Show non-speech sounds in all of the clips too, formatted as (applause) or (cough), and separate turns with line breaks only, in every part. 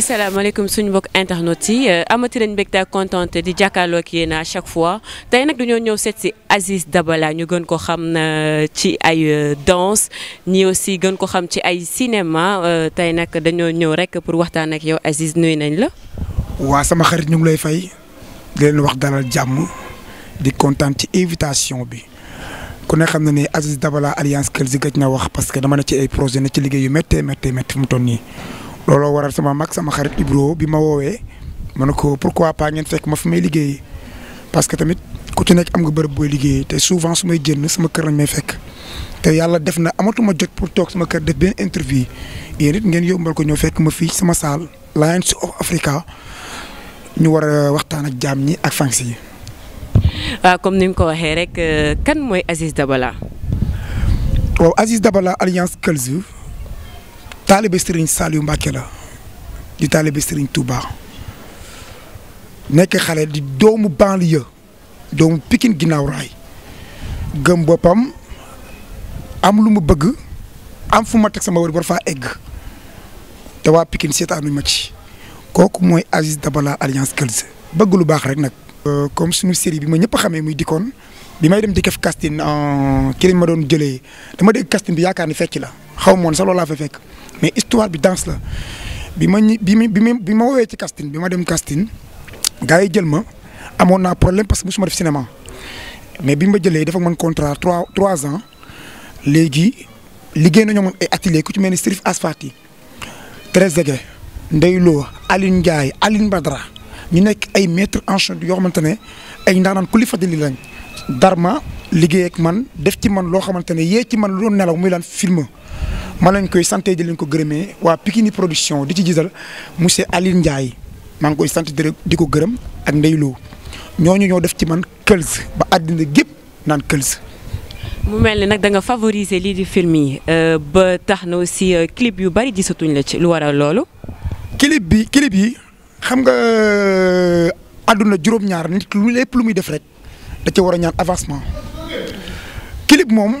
asalaamaaleykum suñu mbokk internet yi euh, amati nañ contente di jàkkaarloo ak à chaque fois tay nak dañu ñew Aziz Dabala ñu gën ko xam euh, ci ay euh, danse ñi aussi gën ko xam ci ay cinéma tay nak dañu ñew rek pour waxtaan ak yow Aziz nuyu nañ la. wa
sama xarit ñu ngi lay fay di leen wax dalal jamm di contente ci invitation bi ku ne xam na ne Aziz Dabala alliance Kër gëj na wax parce que dama na ci ay projet na ci liggéey yu méttee fu mu looloo waral sama mag sama xarit Ibro bi ma woowee ma ne ko pourquoi pas ngeen fekk ma fi may liggéey parce que tamit ku ci nekk am nga bërëb booy liggéey te souvent su may jënd sama kër lañ may fekk. te yàlla def na amatuma jot pour toog sama kër def benn interview yéen ngeen ngeen yombal ko ñëw fekk ma fii sama saal Lions of Africa ñu war a waxtaan ak jaam ñi ak fansi
waaw ah, comme ni nga ko waxee rek euh, kan mooy Aziz Dabala.
waaw Aziz Dabala alliance taalibe Serigne Saliou Mbacke la di taalibe Serigne Touba nekk xale di doomu banlieue doomu pikin ginnaaw raay gëm boppam am lu mu bëgg am fu ma teg sama war war faa egg te waa Pikine seetaanuñ ma ci kooku mooy Aziz Dabala Alliance Gueulz bëgg lu baax rek nag. Euh, comme suñu série bi ma ñëpp xamee muy dikkoon bi may dem di def casting ki lañ ma doon jëlee dama dégg kastin bi yaakaar ni fecc la. xaw moon sa loolaa fa fekk mais histoire bi danse la bi ma bi ma bi ma woowee ci casting bi ma dem casting gars yi jël ma amoon naa problème parce que mosuma def cinéma mais bi ma jëlee dafa man contrat trois trois ans léegi liggéey nañu man ay atelier ku ci mel ni Serif Asfati Trezeguet Ndeye Lo Aline Ndiaye Aline Badra ñu nekk ay maître en chant yoo xamante ne ay ndaanaan ku li fadili lañ. Darma liggéey ak man def ci man loo xamante ne yee ci man lu doon nelaw muy lan film. ma lañ koy sant di leen ko gërëmee waa Pikini production di ci gisal monsieur Aline Ndiaye maa ngi koy sant di ko gërëm ak Ndeye ñoo ñu ñoo def ci man këls ba àddina gépp naan këls.
mu mel ni nag danga favoriser lii di film yi euh, ba tax na aussi euh, clip yu bari gisatuñ la ci lu waral loolu. clip bi clip yi xam nga
euh, àdduna juróom-ñaar nit lu lépp lu muy def rek da ci war a ñaan avancement clip moom.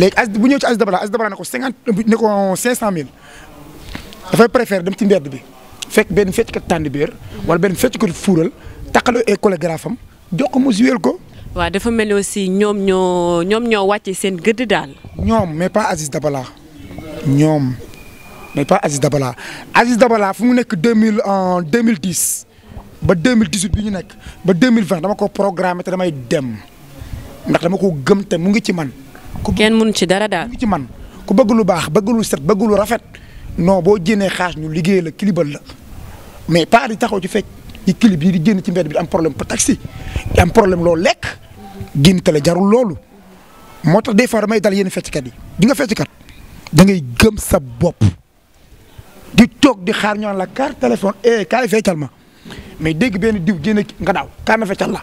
Les as as dabala as dabala ne cinq préfère dem ci mbedd bi ben kat wala que ko jox ko
aussi ñom ñoo ñom ñoo sen gëdd dal
mais pas Aziz Dabala ñom mais pas Aziz Dabala Aziz Dabala fu mu nekk deux en deux ba deux bi ñu nekk ba deux dama ko programmer té damay dem ndax dama ko gëm kenn mënu ci dara daal ci man ku bëgg lu baax bëgg set bëgg lu rafet non boo jénnee xaas ñu liggéey la kilibal la mais pas di taxaw ci fekk i kilib yi di génn ci mbedd bi am problème pour taxi di am problème loolu lekk génn tale jarul loolu moo tax des fois damay dal yenn fecckat yi di nga fecckat da ngay gëm sa bopp di toog di xaar ñu la carte téléphone eh kaay feccal ma mais dégg benn diw génn nga daaw kaay ma feccal la.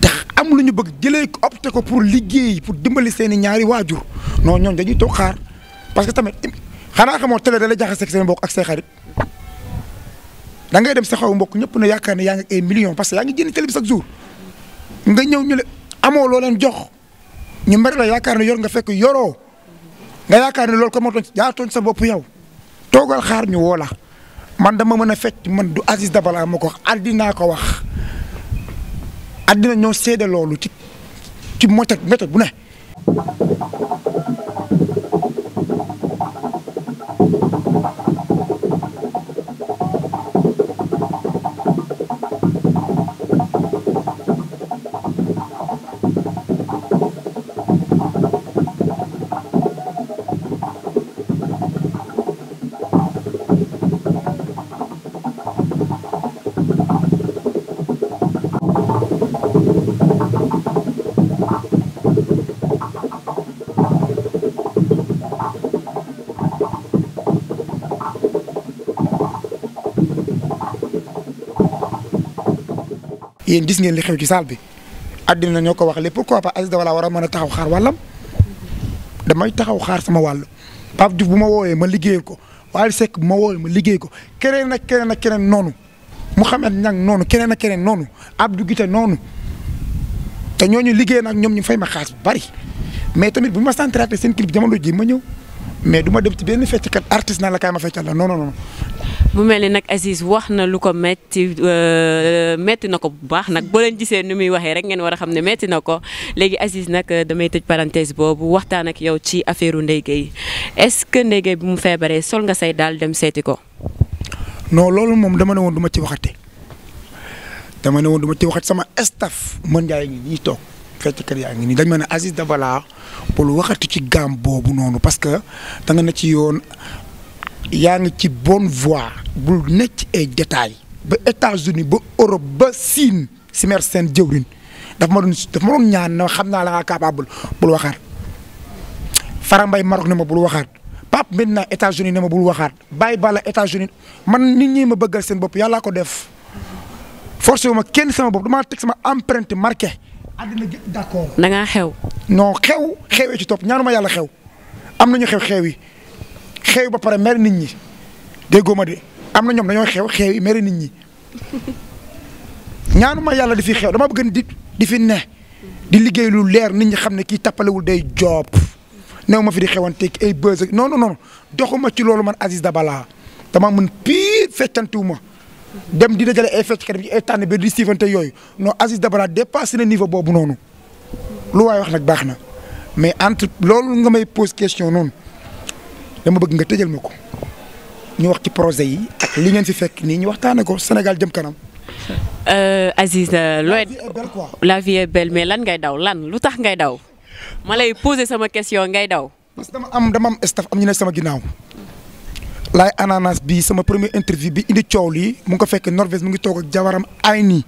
te am lu ñu bëgg jëlee ko opté ko pour liggéey pour dimbali seen ñaari waajur non ñoom dañuy toog xaar parce que tamit xanaa xamoo télé da lay jaxaseeg seen mbokk ak say xarit da ngay dem sa xaw mbokk ñëpp ne yaakaar ne yaa ngi ay millions parce que yaa ngi jënd télé chaque jour nga ñëw ñu ne amoo leen jox ñu mer la yaakaar ne yor nga fekk yoroo nga yaakaar ne loolu ko moo tooñ yaa tooñ sa yow xaar ñu man dama fecc man du Aziz Dabala ma wax ko wax. àddina ñoo seede loolu ci ci méthode méthode bu ne. Thank yéen gis ngeen li xew ci salle bi addina ñoo ko wax lépp pourquoi pas Aziz Dabala war a mën a taxaw xaar wàllam damay taxaw xaar sama wàll Pape Diouf bu ma woowee ma liggéeyal ko Wally Seck bu ma woowee ma liggéey ko keneen ak keneen ak keneen noonu Mouhamed Niang noonu keneen ak keneen noonu Abdou Guité noonu te ñooñu liggéey nag ñoom ñu fay ma xaas bu bari mais tamit bu ma centraté seen clip jamono ji ma ñëw mais du ma dem ci benn fecckat artiste naa la kaay ma feccal la non non
mu mel ni nag Aziz wax na lu ko metti euh, metti na ko bu baax nag boo leen gisee ni muy waxee rek ngeen war a xam ne metti na ko léegi Aziz nag euh, damay tëj parenthèse boobu waxtaan ak yow ci affaire Ndeye Gueye est-ce que Ndeye Gueye mu feebaree sol nga say daal dem seeti ko.
non loolu moom dama ne woon du ma ci waxate dama ne woon du ma ci waxati sama staf mën ngaa ngi nii toog fekk kër yaa ngi nii dañ ma ne Aziz Dabala pour waxati ci gaam boobu noonu parce que danga na ci yoon yaa ngi ci bon voie bul nekk ay détails ba États-Unis ba Europe ba Siin si mer seen jëwrin daf ma doon daf ma doon ñaan na xam naa la nga capable bul waxaat Farambay Maroc ne ma bul waxaat Pape maintenant États-Unis ne ma bul waxaat Baye Bala États-Unis man nit ñi ma bëggal seen bopp yàllaa ko def forcé wu ma kenn sama bopp damaa teg sama empreinte marke àddina gi d'accord. da ngaa xew. non xew xewee ci topp ñaanuma yàlla xew am nañu xew xew yi. xew ba pare mer nit ñi déggoo ma de am na ñoom dañoo xew xew yi mer nit ñi ñaan ma yàlla di fi xew dama bëgg di di fi ne di liggéey lu leer ni ñi xam ne kii tappalewul day joob new ma fi di xewante ay buzz non non non doxuma ci loolu man Aziz Dabala dama mën pire feccantiwuma dem di dajale ay fecc kat bi ay tànn ba di siifante yooyu non Aziz Dabala dépassé na niveau boobu noonu lu waaye wax nag baax na mais entre loolu nga may pose question noonu dama bëgg nga tejeel mako ñu wax ci projet yi ak li ngeen fi fekk ni ñu waxtaan ko Sénégal jëm kanam.
Euh, Aziz euh, looy la vie est belle mais lan ngay daw lan lutax ngay daw ma lay poser sama question ngay daw. parce que dama am dama am staff am ñu ne sama ginnaaw. lay
ananas bi sama premier interview bi indi ciow li mu ko fekk Norvège mu ngi tok ak jabaram ay nii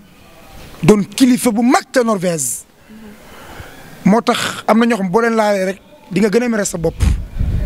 doon kilifa bu mag ta Norvège motax am na ñoo xam rek di nga gëna a sa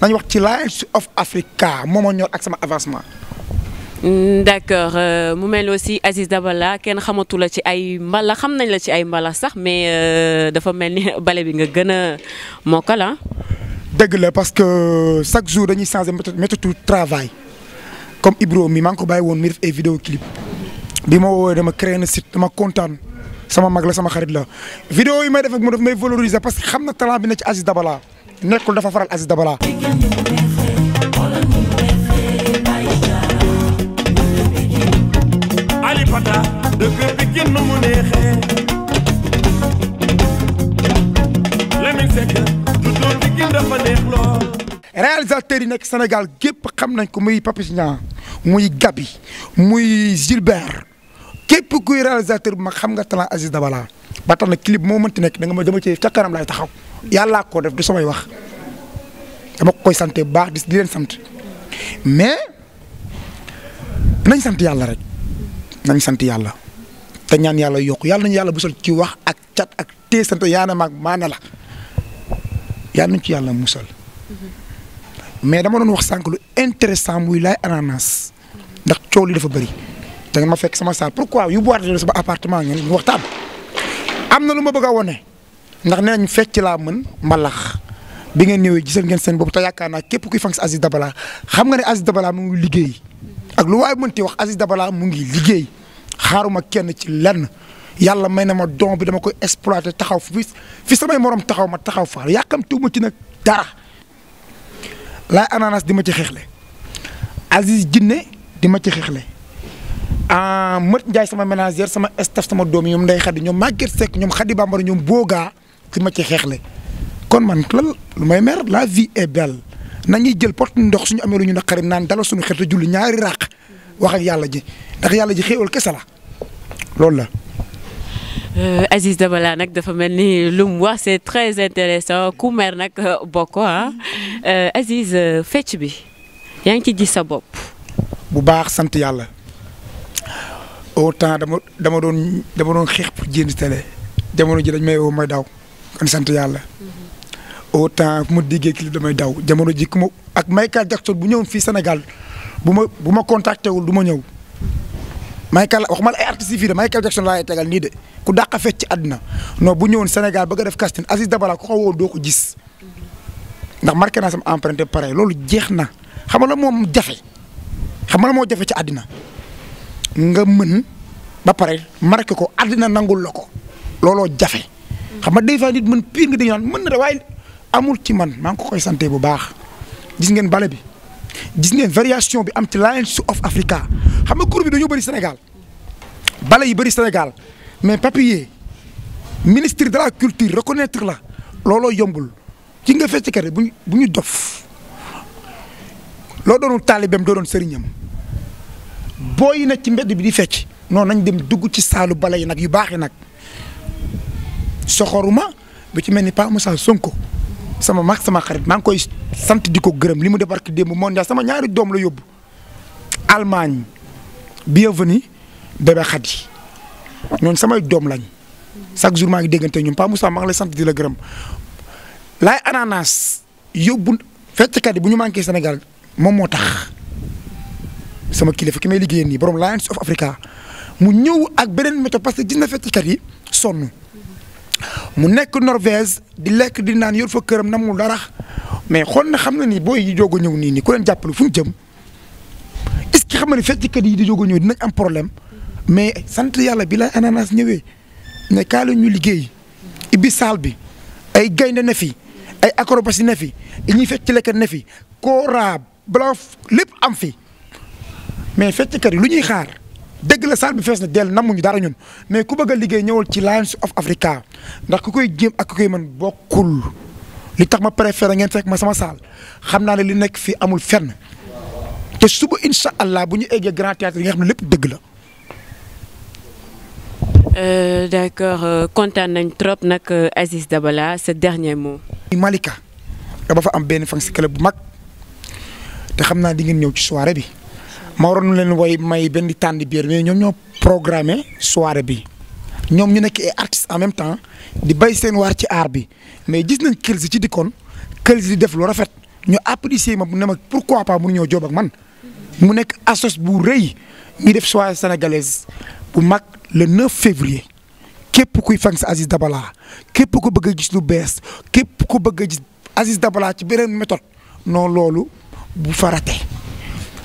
nañ wax ci Lions of Africa moo ñor ak sama avancement.
Mm, d'accord euh, mu mel aussi Aziz Dabala kenn xamatu la ci ay mbala xam nañ la ci ay mbala sax mais euh, dafa mel ni (laughs) bale bi nga gën a mokkal ah.
dëgg la parce que chaque jour dañuy changer méthode travail comme Ibro mi maa ngi ko bàyyi woon mi def ay vidéo clip bi ma woowee dama créé na site dama kontaan sama mag la sama xarit la. vidéo yi may def ak mu daf may valoriser parce que xam na talent bi ne ci Aziz Dabala nekkul dafa faral Aziz Dabala. Fanta dëkk réalisateur yi nekk Sénégal gépp xam nañ ko muy Papis Niang muy Gabi muy Gilbert képp kuy réalisateur bu mag xam nga talent Aziz Dabala ba tax na clip moo mënti nekk da nga ma dama ci ca kanam laay taxaw yàllaa ko def du samay wax dama ko koy sante bu baax di leen sant mais nañ sant yàlla rek. nañ sant yalla te ñaan yàlla yokk yàlla nañu yàlla musal ci wax ak chat ak té sant yaana mak manela yalla nañ ci yàlla musal mais dama doon wax sank lu intéressant muy lay ananas ndax coow li dafa bari da nga ma fekk sama salle pourquoi yu dans sa appartement ngeen ñu waxtaan am na lu ma bëgg a ndax nañ fecc la mën malax bi ngeen ñëwee gisal ngeen seen bop ta yakana képp kuy Aziz Dabala xam nga ne Aziz Dabala mu ngi liggéey ak lu waay mënti wax Aziz Dabala mu ngi liggey xaruma kenn ci lenn yàlla mayna ma don bi dama koy exploiter taxaw fi fi samay morom taxaw ma taxaw fa yakam tu mu ci nak dara la ananas dima ci xexle Aziz Jinne dima ci xexle ah Mët Ndiaye sama ménager sama staff sama dom yi ndey xadi ñom ñoom sek ñom xadi bambar ñom Boga dima ci xexle kon man lan lu may mer la vie est belle. nañuy jël pot ndox suñu amee lu ñu naqari naan dalal suñu xeetu julli ñaari raaq wax ak yàlla ji ndax yàlla ji xéewal kese la
loolu la. Euh, Aziz Dabala nag dafa mel ni lu mu wax c'est très intéressant ku mer nag euh, bokk ah Aziz fecc bi yaa ngi ci ji sa bopp.
bu baax sant yàlla autant dama dama doon dama doon xeex pour jéem télé jamono ji dañ may woo may daw kon sant yàlla. Mm-hmm. au temps fu ma déggee clip damay daw jamono ji ku ma Michael Jackson bu ñëwoon fii Sénégal bu ma bu ma contacté wul du ma ñëw Michael waxuma la ay artistes yi fii de Michael Jackson laay tegal nii de ku dàq a fecc ci àddina non bu ñëwoon Sénégal bëgg a def casting Aziz Dabala ku ko woo doo ko gis ndax marqué naa sama empreinte pare loolu jeex na xam nga la moom jafe xam nga la moo jafe ci àddina nga mën ba pare marqué ko àddina nangul la ko looloo jafe xam nga des amul ci man maa ngi ko koy bu baax gis ngeen bale bi gis ngeen variation bi am ci Lions of Africa xam nga groupe bi dañoo bëri Sénégal bala yi bari Sénégal mais papier ministre de la culture reconnaître la looloo yombul ci nga fecckat bu ñu bu ñu dof loo doonul taalibem doo doon sëriñam booy nag ci mbedd bi di fecc noonu nañ dem dugg ci saalu bale yi nag yu baax yi nag soxoruma bu ci mel ni Pa Moussa Sonko. sama mak sama xarit mang koy sante diko gërem limu débar ki débarqué mondial sama ñaari dom la yobbu Allemagne bienvenue bébé khadi ñooñu sama dom lañ chaque jour ma ngi déggante ñoom Pa Moussa mang lay sante di la gërem lay ananas yobbu fete kadi buñu manké Sénégal mom motax sama kilifa ki may liggéeyee borom Lions of Africa mu ñëw ak benen méthode parce que dina fete kadi sonu mu nekk Norvège di lekk di naan yor fa këram namul dara mais xool na xam na ni booy yi jóg ñëw nii nii ku leen jàppale fu ñu jëm est-ce que xam nga ni fecckat yi di jóg a ñëw dinañ am problème mais sant yàlla bi la ananas ñëwee ne kaa la ñu liggéey ibi saal bi ay gaynde ne fi ay acrobatie ne fi ñuy fecc lekkat ne fi kooraa bala lépp am fi mais fecckat yi lu ñuy xaar. dëgg la salle bi fees na dell namuñu dara ñun mais ku bëgg liggéey ñëwal ci Lions of Africa ndax ku koy jéem ak ku koy mën bokkul li tax ma préféré ngeen fekk ma sama salle xam naa ne li nekk fii amul fenn te suba incha allah bu ñu eggee grand théâtre yi nga xam ne lépp dëgg la.
Euh, d'accord euh, kontaan nañ trop nag euh, Aziz Dabala ce dernier mot.
Malika dama fa am benn fan si club bu mag te xam naa di ngeen ñëw ci soirée bi. ma waroon leen way may benn tànn biir mais ñoom ñoo programmé soirée bi ñoom ñu nekk artiste en même temps di bay seen war ci aar bi mais gis nañ Kélsi ci dikkoon Kélsi di def lu rafet ñu apprécier ma ne ma pourquoi pas mu ñoo joob ak man mu nekk assos bu rëy ñu def soirée sénégalaise bu mag le 9 février. képp kuy fans Aziz Dabala képp ku bëgg a gis lu bees képp ku bëgg a gis Aziz Dabala ci beneen méthode non loolu bu farate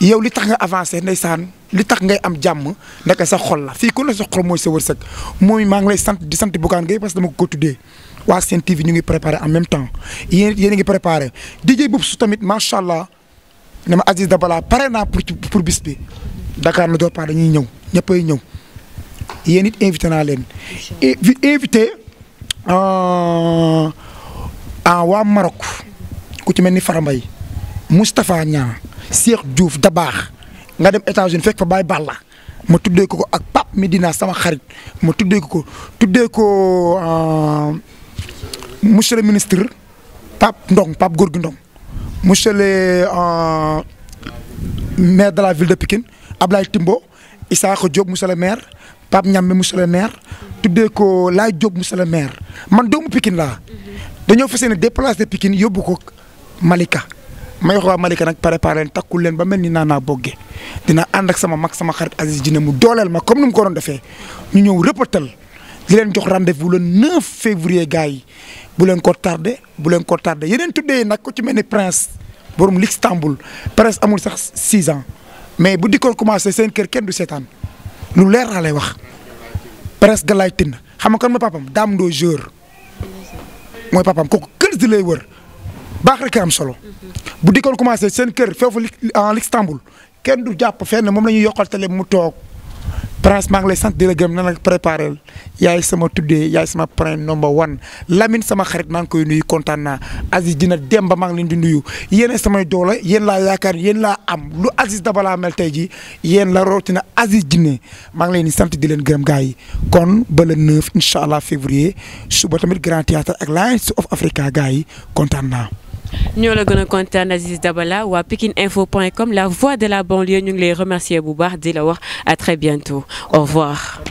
yow li tax nga avancé ndeysaan li tax ngay am jàmm ndeke sa xol la fii ku ne sa xol mooy sa wërsëg mooy maa ngi lay sant di sant Bougane parce que dama ko tuddee waa Sen TV ñu ngi préparé en même temps yéen yéen a ngi préparé DJ Boubs tamit macha allah ne ma Aziz pare naa pour pour bi Dakar na door dañuy ñëw ñëppay ñëw yéen it invité naa leen. invité ah waa Maroc ku ci mel ni Farambay Moustapha ñaa Cheikh Diouf da nga dem États-Unis fek fa bay Balla mo tuddé ko ak Pape Medina sama xarit mo tuddé ko tuddé ko tuddee euh, monsieur le ministre Pape Ndong Pape gorgu Ndong monsieur le euh, maire de la ville de Pikine Ablaye Timbo Issakha Diop monsieur le maire Pape Ñambe monsieur le maire tuddé ko lay Diop monsieur le maire man doomu Pikine la dañoo fas yéene déplacé Pikine yobou ko Malika may wax waa Malika nag préparé leen takkul leen ba mel ni naanaa bogge dina ànd ak sama mag sama xarit Aziz dina mu dooleel ma comme ni mu ko doon defee ñu ñëw rëppatal di leen jox rendez-vous le 9 février gars yi bu leen ko tardé bu leen ko tardé yeneen tuddee yi nag ko ci mel ni prince borom l'Istanbul prince amul sax 6 ans mais bu dikkoon commencé seen kër kenn du seetaan lu leer laa lay wax prince Galaye Tine xam nga kon mooy papam Dame Ndo Jeur mooy papam kooku kër lay wër. baax rek am solo bu dikkoon commencé seen kër foofu en Istanbul kenn du jàpp fenn moom la ñuy yokkal télé mu toog Prince maa ngi lay sant di la gëm na la préparé yaay sama tuddee yaay sama prince number one Lamine sama xarit maa ngi koy nuyu kontaan naa Aziz dina dem ba maa ngi leen di nuyu samay doole yéen la yaakaar yéen laa am lu Aziz Dabala mel tey jii yéen la rootina Aziz Dine maa ngi leen di sant di leen gërëm gars yi kon ba le 9 incha allah février suba tamit Grand Théâtre ak Lions of Africa gars yi kontaan naa.
Nous allons nous rencontrer à Aziz Dabala à pikininfo.com la voix de la banlieue nous les remercions. remercier à très bientôt au revoir.